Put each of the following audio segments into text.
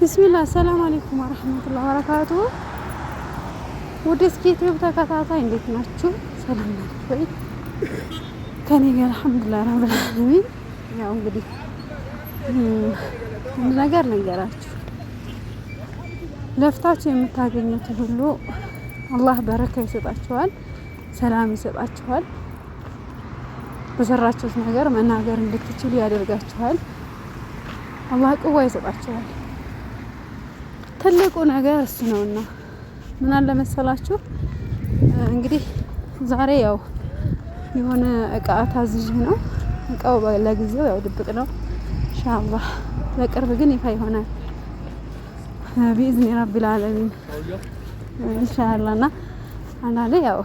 ብስሚላ አሰላም አለይኩም ወረህመቱላ ወበረካቱ። ወደ ስኬትብ ተከታታይ እንዴት ናችሁ? ሰላም ናችሁ ወይ? ከኔ ጋር አልሐምዱላ ረብል ዓለሚን። ያው እንግዲህ ነገር ነገራችሁ፣ ለፍታችሁ የምታገኙት ሁሉ አላህ በረካ ይሰጣችኋል፣ ሰላም ይሰጣችኋል፣ በሰራችሁት ነገር መናገር እንድትችሉ ያደርጋችኋል፣ አላህ ቅዋ ይሰጣችኋል። ትልቁ ነገር እሱ ነውና ምን አለ መሰላችሁ እንግዲህ ዛሬ ያው የሆነ እቃ ታዝዥ ነው። እቃው ለጊዜው ያው ድብቅ ነው። ኢንሻአላህ ለቅርብ ግን ይፋ ይሆናል ቢኢዝኒ ረቢል ዓለሚን ኢንሻአላህ። እና አንዳንዴ ያው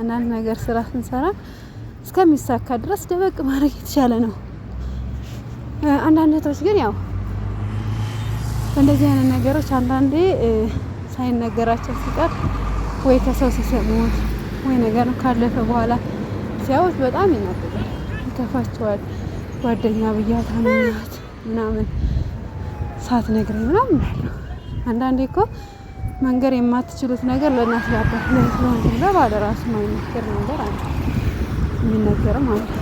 አንዳንድ ነገር ስራ ስንሰራ እስከሚሳካ ድረስ ደበቅ ማድረግ የተሻለ ነው። አንዳንድ እህቶች ግን ያው እንደዚህ አይነት ነገሮች አንዳንዴ ሳይነገራቸው ሲቀር ወይ ከሰው ሲሰሙት ወይ ነገር ካለፈ በኋላ ሲያዩት በጣም ይናደዳል፣ ይከፋቸዋል። ጓደኛ ብያት አምናት ምናምን ሳትነግረኝ ምናምን እላለሁ። አንዳንዴ እኮ መንገር የማትችሉት ነገር ለእናት ያባት ለስለሆን ባለ ራሱ ማይነገር ነገር አለ የሚነገር ማለት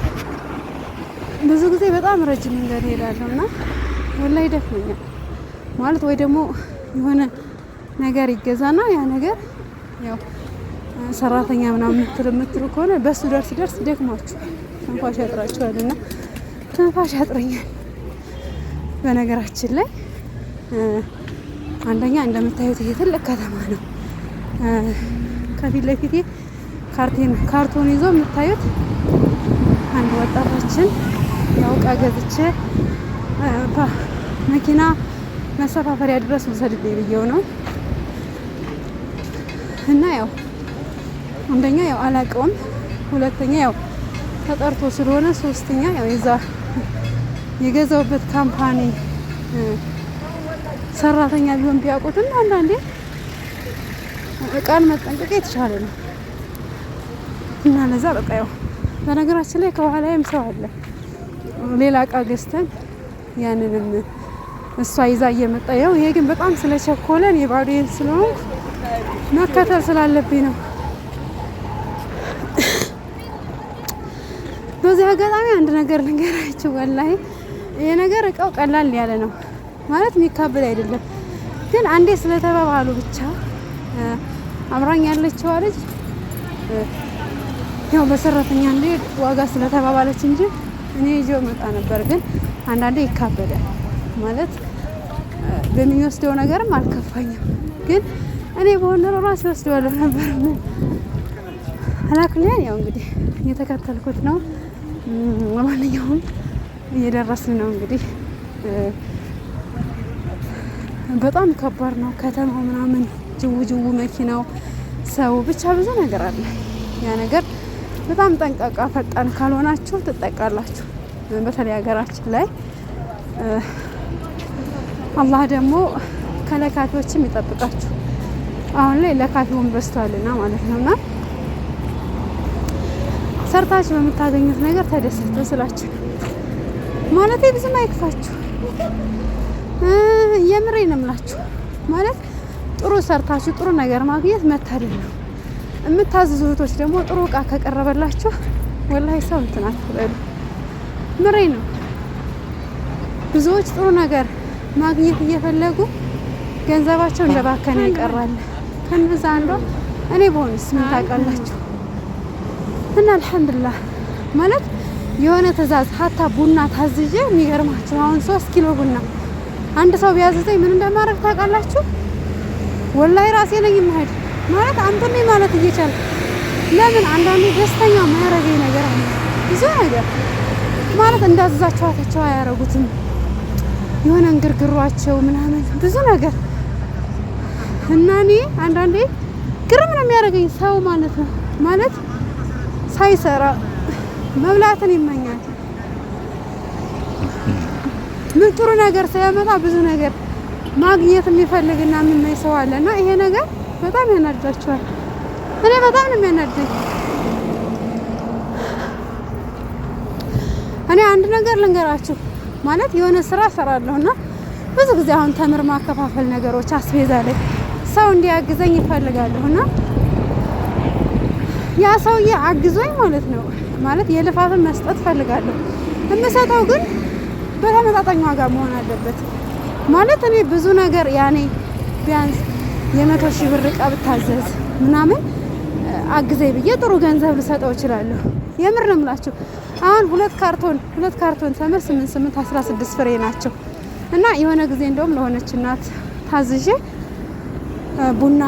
ብዙ ጊዜ በጣም ረጅም መንገድ ሄዳለሁ እና ወላሂ ይደፍነኛል። ማለት ወይ ደግሞ የሆነ ነገር ይገዛና ያ ነገር ያው ሰራተኛ ምናምን የምትል የምትሉ ከሆነ በሱ ደርስ ደርስ ደክማችሁ ትንፋሽ ያጥራችኋል እና ትንፋሽ ያጥረኛል። በነገራችን ላይ አንደኛ እንደምታዩት ይሄ ትልቅ ከተማ ነው። ከፊት ለፊቴ ካርቶን ይዞ የምታዩት አንድ ወጣታችን ያው ገዝቼ መኪና መሰፋፈሪያ ድረስ ውሰድልኝ ብዬው ነው እና ያው አንደኛ ያው አላቀውም፣ ሁለተኛ ያው ተጠርቶ ስለሆነ፣ ሶስተኛ ያው የዛ የገዛውበት ካምፓኒ ሰራተኛ ቢሆን ቢያውቁትም አንዳንዴ እቃን መጠንቀቅ የተሻለ ነው እና ለዛ በቃ ያው በነገራችን ላይ ከኋላይም ሰው አለ ሌላ እቃ ገዝተን ያንንም እሷ ይዛ እየመጣ ያው ይሄ ግን በጣም ስለቸኮለን የባዶዬን ስለሆንኩ መከተል ስላለብኝ ነው። በዚህ አጋጣሚ አንድ ነገር ልንገራችሁ። ወላሂ ይሄ ነገር እቃው ቀላል ያለ ነው ማለት የሚካበድ አይደለም። ግን አንዴ ስለተባባሉ ብቻ አምራኝ ያለችዋ ልጅ ያው በሰራተኛ እን ዋጋ ስለተባባለች እንጂ እኔ ይዤው መጣ ነበር። ግን አንዳንዴ ይካበዳል ማለት በሚወስደው ነገርም አልከፋኝም። ግን እኔ በሆነ ኖሮ ራሴ ወስደዋለሁ ነበር። ምን አላክልያን ያው እንግዲህ እየተከተልኩት ነው። ለማንኛውም እየደረስን ነው እንግዲህ በጣም ከባድ ነው ከተማው ምናምን ጅው ጅው መኪናው ሰው ብቻ ብዙ ነገር አለ። ያ ነገር በጣም ጠንቃቃ ፈጣን ካልሆናችሁ ትጠቃላችሁ። በተለይ ሀገራችን ላይ አላህ ደግሞ ከለካፊዎችም ይጠብቃችሁ። አሁን ላይ ለካፊውን በስቷልና ማለት ነውና ሰርታችሁ በምታገኙት ነገር ተደሰቱ ስላችሁ ማለት ብዙም አይክፋችሁ። የምሬ ነው የምላችሁ ማለት ጥሩ ሰርታችሁ ጥሩ ነገር ማግኘት መታደል ነው። የምታዝዙ እህቶች ደግሞ ጥሩ እቃ ከቀረበላችሁ ወላሂ ሰው እንትን አትበሉ። ምሬ ነው ብዙዎች ጥሩ ነገር ማግኘት እየፈለጉ ገንዘባቸው እንደ ባከነ ይቀራል። ከነዛ አንዷ እኔ በሆንስ ምን ታውቃላችሁ? እና አልሐምዱሊላህ ማለት የሆነ ትእዛዝ ሀታ ቡና ታዝዤ የሚገርማችሁ አሁን ሶስት ኪሎ ቡና አንድ ሰው ቢያዝዘኝ ምን እንደማደርግ ታውቃላችሁ? ወላይ ራሴ ነኝ የማሄድ ማለት አንተም ማለት እየቻል ለምን አንዳንዴ ደስተኛ ማያረገኝ ነገር አለ ብዙ ነገር ማለት እንዳዘዛችኋቸው አያረጉትም የሆነ እንግርግሯቸው ምናምን ብዙ ነገር እና እኔ አንዳንዴ ግርም ነው የሚያደርገኝ ሰው ማለት ነው ማለት ሳይሰራ መብላትን ይመኛል። ምን ጥሩ ነገር ሳያመጣ ብዙ ነገር ማግኘት የሚፈልግና የሚመኝ ሰው አለ እና ይሄ ነገር በጣም ያናዳቸዋል። እኔ በጣም ነው የሚያናደኝ። እኔ አንድ ነገር ልንገራችሁ ማለት የሆነ ስራ ሰራለሁና እና ብዙ ጊዜ አሁን ተምር ማከፋፈል ነገሮች አስቤዛ ላይ ሰው እንዲያግዘኝ ይፈልጋለሁና ያ ሰውዬ አግዞኝ ማለት ነው ማለት የልፋትን መስጠት ፈልጋለሁ። የምሰጠው ግን በተመጣጣኝ ዋጋ መሆን አለበት። ማለት እኔ ብዙ ነገር ያኔ ቢያንስ የመቶ ሺህ ብር እቃ ብታዘዝ ምናምን አግዘኝ ብዬ ጥሩ ገንዘብ ልሰጠው እችላለሁ። የምር ነው የምላችሁ። አሁን ሁለት ካርቶን ሁለት ካርቶን ተምር 8 8 16 ፍሬ ናቸው እና የሆነ ጊዜ እንደውም ለሆነች እናት ታዝዤ ቡና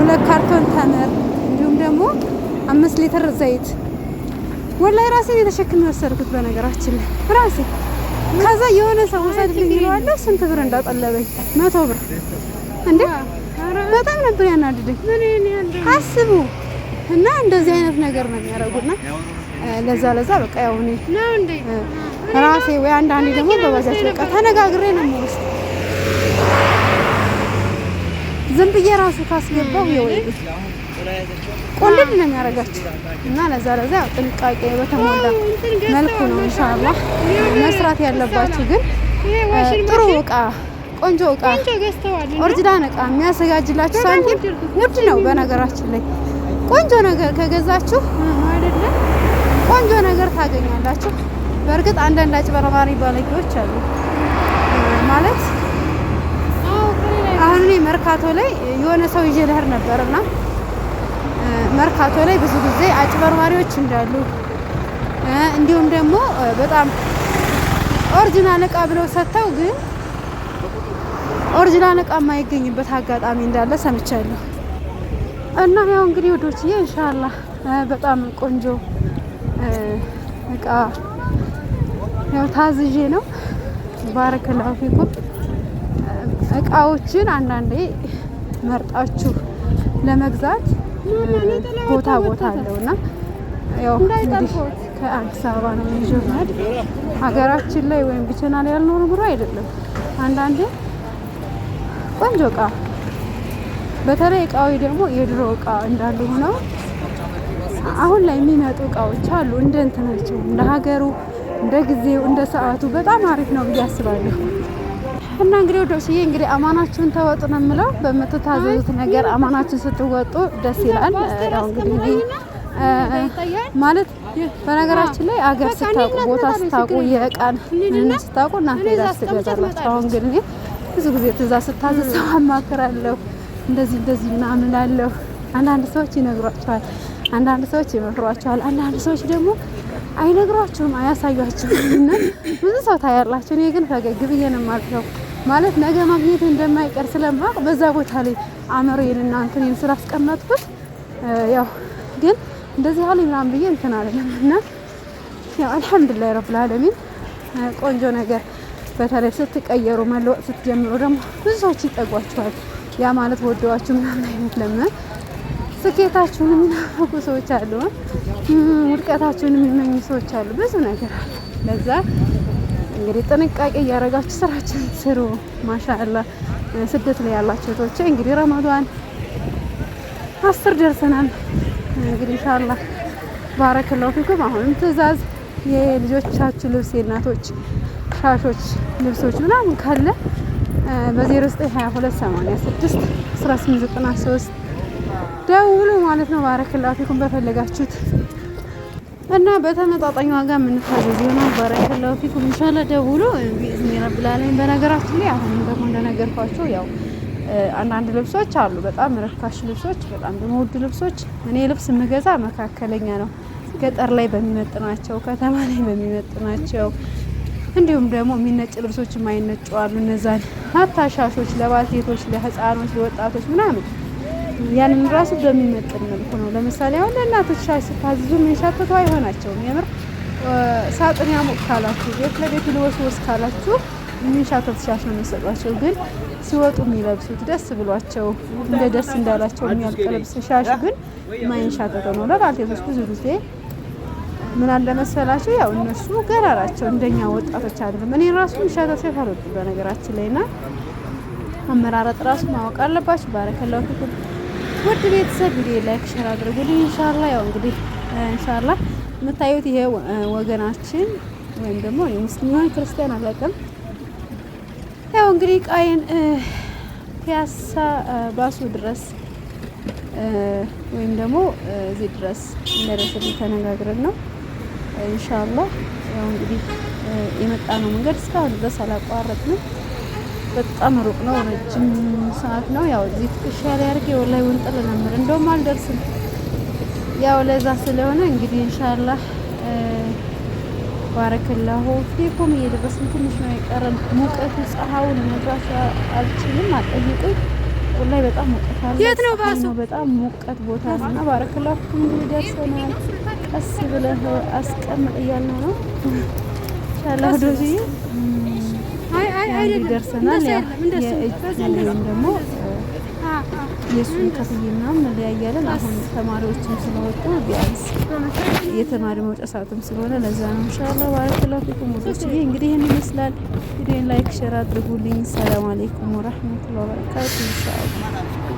ሁለት ካርቶን ተምር እንዲሁም ደግሞ አምስት ሊትር ዘይት ወላይ ራሴን የተሸክሜ ወሰድኩት። በነገራችን ላይ ራሴ ከዛ የሆነ ሰው ወሰድልኝ ይለዋለሁ። ስንት ብር እንዳጠለበኝ መቶ ብር እንዴ! በጣም ነበር ያናድደኝ። አስቡ እና እንደዚህ አይነት ነገር ነው የሚያደርጉና ለዛ ለዛ በቃ ያው እኔ ራሴ ወይ አንዳንዴ ደግሞ በባጃጅ በቃ ተነጋግሬ ነው የምወስድ። ዝም ብዬ ራሱ ካስገባው ይወይ ቆልል ነው የሚያደርጋቸው እና ለዛ ለዛ ያው ጥንቃቄ በተሞላ መልኩ ነው ኢንሻአላህ መስራት ያለባችሁ። ግን ጥሩ እቃ ቆንጆ እቃ ኦርጅናል እቃ የሚያዘጋጅላችሁ ሳንቲም ውድ ነው። በነገራችን ላይ ቆንጆ ነገር ከገዛችሁ አይደለም ቆንጆ ነገር ታገኛላችሁ። በእርግጥ አንዳንድ አጭበርባሪ ባለጌዎች አሉ ማለት አሁን እኔ መርካቶ ላይ የሆነ ሰው ይዤ ልሄድ ነበርና መርካቶ ላይ ብዙ ጊዜ አጭበርባሪዎች እንዳሉ እንዲሁም ደግሞ በጣም ኦሪጂናል እቃ ብለው ሰጥተው ግን ኦሪጂናል እቃ የማይገኝበት አጋጣሚ እንዳለ ሰምቻለሁ። እና ያው እንግዲህ ወዶችዬ ኢንሻአላህ በጣም ቆንጆ እቃ ያው ታዝዤ ነው። ባረከላሁ ፊኩም። እቃዎችን አንዳንዴ መርጣችሁ ለመግዛት ቦታ ቦታ አለው ያው እንግዲህ ከአዲስ አበባ ነው የሚጀምር ሀገራችን ላይ ወይም ብቸና ላይ ያልኖር ብሎ አይደለም። አንዳንዴ ቆንጆ እቃ በተለይ እቃዊ ደግሞ የድሮ እቃ እንዳሉ ሆነው አሁን ላይ የሚመጡ እቃዎች አሉ እንደ እንትናቸው እንደ ሀገሩ እንደ ጊዜው እንደ ሰዓቱ በጣም አሪፍ ነው ብዬ አስባለሁ። እና እንግዲህ ወዶችዬ እንግዲህ አማናችሁን ተወጡ ነው የምለው። በምትታዘዙት ነገር አማናችሁን ስትወጡ ደስ ይላል። ያው እንግዲህ ማለት በነገራችን ላይ አገር ስታውቁ፣ ቦታ ስታውቁ፣ የእቃን ምን ስታውቁ እናንተ ዛ ትገዛላችሁ። አሁን ግን እኔ ብዙ ጊዜ ትእዛዝ ስታዘዝ ሰው አማክራለሁ እንደዚህ እንደዚህ ምናምን አለሁ። አንዳንድ ሰዎች ይነግሯቸዋል አንዳንድ ሰዎች ይመክሯቸዋል፣ አንዳንድ ሰዎች ደግሞ አይነግሯችሁም፣ አያሳያችሁም እና ብዙ ሰው ታያላችሁ። እኔ ግን ፈገግ ብዬ ነው የማልፈው ማለት ነገ ማግኘት እንደማይቀር ስለማቅ በዛ ቦታ ላይ አእምሮዬን እና እንትኔን ስላስቀመጥኩት ያው ግን እንደዚህ ያለ ምናምን ብዬ እንትን አለም እና ያው አልሐምዱላይ ረብልአለሚን ቆንጆ ነገር። በተለይ ስትቀየሩ መለወጥ ስትጀምሩ ደግሞ ብዙ ሰዎች ይጠጓችኋል። ያ ማለት ወደዋችሁ ምናምን አይነት ለምን ስኬታችሁን የሚናፈቁ ሰዎች አሉ፣ ውድቀታችሁን የሚመኙ ሰዎች አሉ። ብዙ ነገር አለ። ለዛ እንግዲህ ጥንቃቄ እያደረጋችሁ ስራችን ስሩ። ማሻላ ስደት ላይ ያላችሁ ቶቼ እንግዲህ ረመዷን አስር ደርሰናል። እንግዲህ እንሻላ ባረከላሁ ፊኩም። አሁንም ትእዛዝ የልጆቻችሁ ልብስ የእናቶች ሻሾች፣ ልብሶች ምናምን ካለ በ0922 86 1893 ደውሉ ማለት ነው። ባረክላሁ ፊኩም በፈለጋችሁት እና በተመጣጣኝ ዋጋ የምንታዘዝ ይሆናል። ባረክላሁ ፊኩም ኢንሻአላህ ደውሉ ቢዝኒ ረብል በነገራችን ላይ አሁንም ደግሞ እንደነገርኳቸው ያው አንዳንድ ልብሶች አሉ፣ በጣም ረካሽ ልብሶች፣ በጣም ደግሞ ውድ ልብሶች። እኔ ልብስ የምገዛ መካከለኛ ነው፣ ገጠር ላይ በሚመጥ ናቸው፣ ከተማ ላይ በሚመጥ ናቸው። እንዲሁም ደግሞ የሚነጭ ልብሶች የማይነጩ አሉ። እነዛን ሀታ ለባልቴቶች፣ ለህፃኖች፣ ለወጣቶች ምናምን ያንን ራሱ በሚመጥን መልኩ ነው። ለምሳሌ አሁን ለእናቶች ሻይ ስታዝዙ የሚንሻተተው አይሆናቸውም። የምር ሳጥን ያሞቅ ካላችሁ፣ ቤት ለቤት ወስ ካላችሁ የሚንሻተት ሻሽ ነው የሚሰጧቸው። ግን ሲወጡ የሚለብሱት ደስ ብሏቸው እንደ ደስ እንዳላቸው የሚያልቅ ሻሽ ግን ማይንሻተተው ነው። ለባልቴቶች ብዙ ጊዜ ምን አለ መሰላችሁ፣ ያው እነሱ ገራራቸው እንደኛ ወጣቶች አይደለም። እኔ ራሱ የሚሻተት ሻሽ በነገራችን ላይ ና አመራረጥ ራሱ ማወቅ አለባቸው። ባረከላሁ ፊኩም ውድ ቤተሰብ እንዲ ላይክ ሸር አድርጉልኝ። እንሻላ ያው እንግዲህ እንሻላ የምታዩት ይሄ ወገናችን ወይም ደግሞ የሙስሊማን ክርስቲያን አላውቅም። ያው እንግዲህ ቃይን ፒያሳ ባሱ ድረስ ወይም ደግሞ እዚህ ድረስ እንደደረሰልኝ ተነጋግረን ነው እንሻላ። ያው እንግዲህ የመጣ ነው መንገድ እስካሁን ድረስ አላቋረጥንም። በጣም ሩቅ ነው፣ ረጅም ሰዓት ነው። ያው እዚህ ትከሻ ላይ አድርጌ ወላሂ ወንጠል ነበር እንደውም አልደርስም። ያው ለዛ ስለሆነ እንግዲህ ኢንሻአላህ ባረከላሁ ፊኩም እየደረስን ትንሽ ነው የቀረን። ሙቀቱ ፀሐዩን መድረስ አልችልም፣ አጠይቁኝ ላይ በጣም ሙቀት አለ። የት ነው ባሱ? በጣም ሙቀት ቦታ ነውና ባረክላሁ እንግዲህ ደርሰናል። ቀስ ብለህ አስቀምጥ እያልን ነው ሻላ ዶዚዬ አንዱ ደርሰናል። የእጅ ደግሞ የእሱን ከፍዬ ምናምን እንለያያለን። አሁን ተማሪዎችም ስለወጡ ቢያንስ የተማሪ መውጫ ሰዓትም ስለሆነ ለዛ ነው። ባረከላሁ ፊኩም ውዶች። ይሄ እንግዲህ ይመስላል። ቪዲዮን ላይክ፣ አድርጉልኝ። ሰላም አለይኩም ወበረካቱ